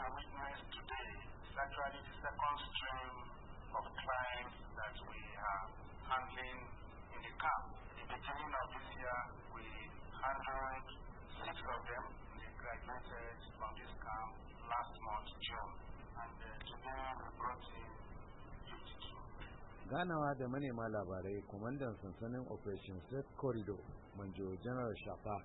I witnessed today is actually the second stream of clients that we are handling in the camp. In the beginning of this year, we handled six of them. They graduated from this camp last month, June. And uh, today we brought in 52. ganawa da manema labarai kwamandan sansanin operation safe corridor manjo general shafa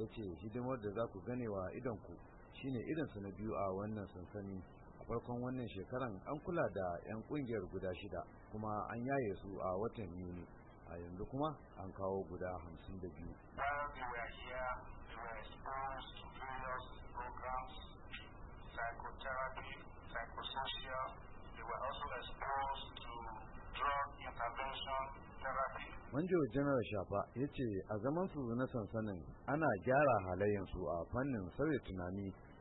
ya ce hidimar da za ku ganewa idonku shine irinsu na biyu a wannan sansani a farkon wannan shekaran an kula da 'yan kungiyar guda shida kuma an yaye su a watan yuni a yanzu kuma an kawo guda hamsin da biyu psychotherapy, therapy. Manjo Janar Shafa ya ce a zaman su na sansanin ana gyara halayensu a fannin sauya tunani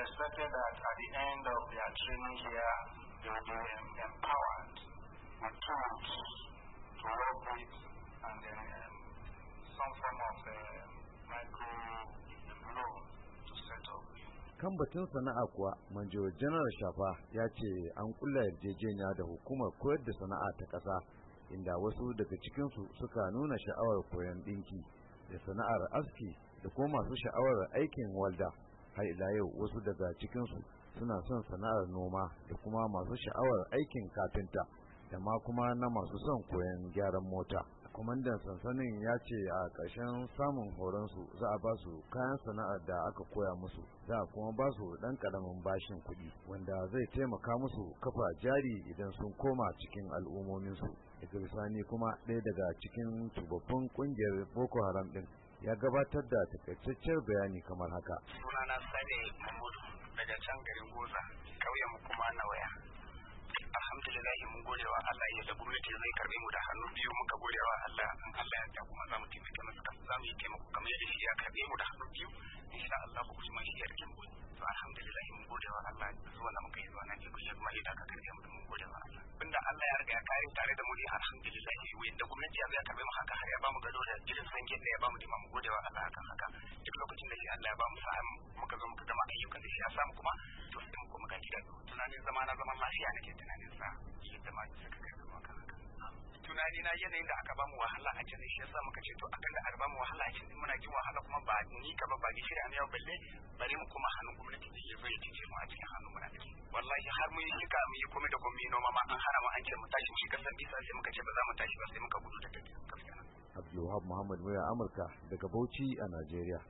expected that at the end of their training here, they will be empowered with tools to work with and then um, some form of uh, micro loan to set up. kan batun sana'a kuwa manjo janar shafa ya ce an kulla yarjejeniya da hukumar koyar da sana'a ta ƙasa inda wasu daga cikinsu suka nuna sha'awar koyon ɗinki da sana'ar aski da kuma masu sha'awar aikin walda har ila yau wasu daga cikinsu suna son sana'ar noma da kuma masu sha'awar aikin kafinta da ma kuma na masu son koyon gyaran mota kwamandan sansanin ya ce a ƙarshen samun horonsu za a ba su kayan sana'ar da aka koya musu za a kuma ba su ɗan ƙaramin bashin kuɗi wanda zai taimaka musu kafa jari idan sun koma cikin al'ummominsu daga bisani kuma ɗaya daga cikin tubabbin ƙungiyar boko haram ɗin ya gabatar da takaitaccen bayani kamar haka. Sunana Sani Mahmud daga can garin Goza, ƙauyen kuma na waya. Alhamdulillah mun gode wa Allah ya da gwamnati zai karbe mu da hannu biyu muka gode wa Allah in Allah ya ta kuma za mu taimake masa za mu yi taimako kamar yadda shi ya karbe mu da hannu biyu insha Allah ku kuma shi ya rike mu. To alhamdulillah mun gode wa Allah zuwa na muka yi zuwa na shi kuma yadda aka karbe mu mun gode wa Allah. yi tare da mu ne alhamdulillah wanda gwamnati ya ya karbe mu haka har ya bamu gado da irin hangen da ya bamu dima mu gode wa Allah haka haka duk lokacin da shi Allah ya bamu sa'a muka zo muka gama ayyukan da shi ya samu kuma to sai mu koma gadi da tunanin zama na zaman lafiya nake tunanin sa yadda ma suka kai zama haka haka tunani na yanayin da aka bamu wahala a can shi yasa muka ce to akan da aka bamu wahala a can muna jin wahala kuma ba ni ka ba ba ni shirya ne balle bari mu kuma hannun gwamnati mun yi shika mun yi da komai noma ma an hana mu an ce mu tashi shi kasan bisa sai muka ce ba za mu tashi ba sai muka gudu daga gaskiya Abdulwahab Muhammad Mura Amurka daga Bauchi a Najeriya